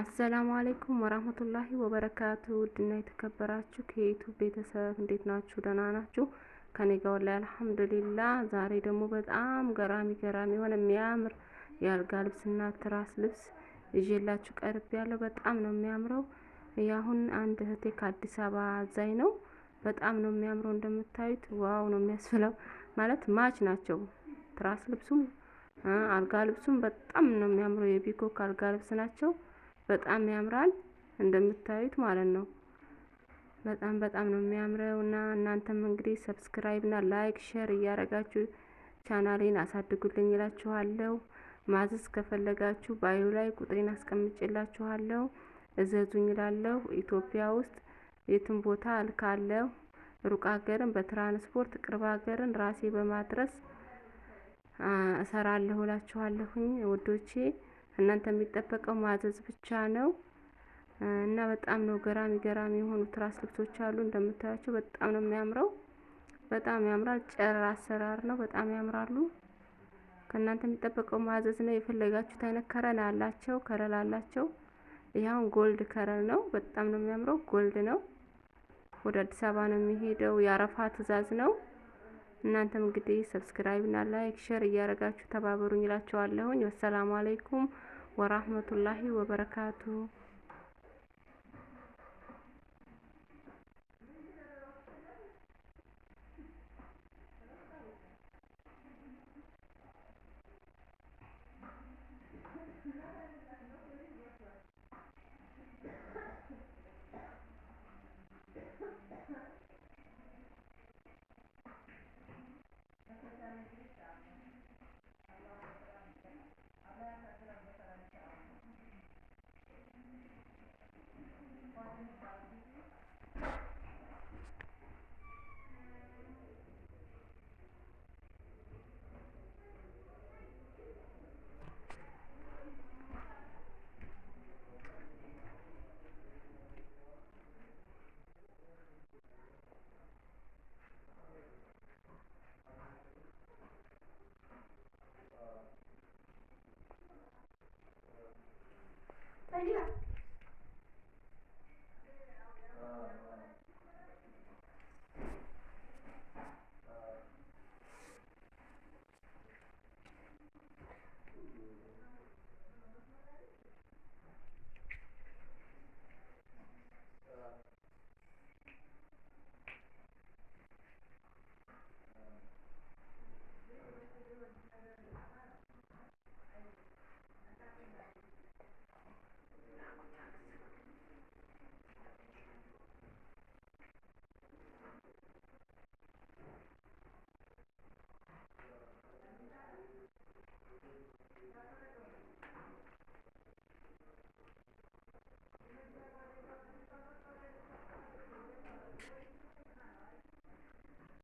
አሰላሙ አሌይኩም ወራህመቱላሂ ወበረካቱ። ውድና የተከበራችሁ ከዩቱብ ቤተሰብ እንዴት ናችሁ? ደህና ናችሁ? ከኔ ጋር ወላሂ አልሐምዱሊላ። ዛሬ ደግሞ በጣም ገራሚ ገራሚ የሆነ የሚያምር የአልጋ ልብስና ትራስ ልብስ ይዤላችሁ ቀርብ ያለው በጣም ነው የሚያምረው። ያሁን አንድ እህቴ ከአዲስ አበባ አዛኝ ነው። በጣም ነው የሚያምረው እንደምታዩት፣ ዋው ነው የሚያስብለው። ማለት ማች ናቸው ትራስ ልብሱም አልጋ ልብሱም በጣም ነው የሚያምረው። የቢኮክ አልጋ ልብስ ናቸው። በጣም ያምራል እንደምታዩት ማለት ነው። በጣም በጣም ነው የሚያምረው እና እናንተም እንግዲህ ሰብስክራይብ እና ላይክ ሼር እያደረጋችሁ ቻናሌን አሳድጉልኝ ይላችኋለሁ። ማዘዝ ከፈለጋችሁ ባዩ ላይ ቁጥሬን አስቀምጭላችኋለሁ እዘዙኝ ይላለሁ። ኢትዮጵያ ውስጥ የትም ቦታ አልካለሁ። ሩቅ ሀገርን በትራንስፖርት ቅርብ ሀገርን ራሴ በማድረስ እሰራለሁ እላችኋለሁኝ ወዶቼ እናንተ የሚጠበቀው ማዘዝ ብቻ ነው እና በጣም ነው ገራሚ ገራሚ የሆኑ ትራስ ልብሶች አሉ። እንደምታያቸው በጣም ነው የሚያምረው። በጣም ያምራል። ጨረር አሰራር ነው። በጣም ያምራሉ። ከእናንተ የሚጠበቀው ማዘዝ ነው። የፈለጋችሁት አይነት ከረል አላቸው፣ ከረል አላቸው። ይኸውን ጎልድ ከረል ነው። በጣም ነው የሚያምረው። ጎልድ ነው። ወደ አዲስ አበባ ነው የሚሄደው። የአረፋ ትዕዛዝ ነው። እናንተም እንግዲህ ሰብስክራይብ እና ላይክ ሼር እያደረጋችሁ ተባበሩኝ እላችኋለሁኝ። ወሰላሙ አለይኩም ወራህመቱላሂ ወበረካቱ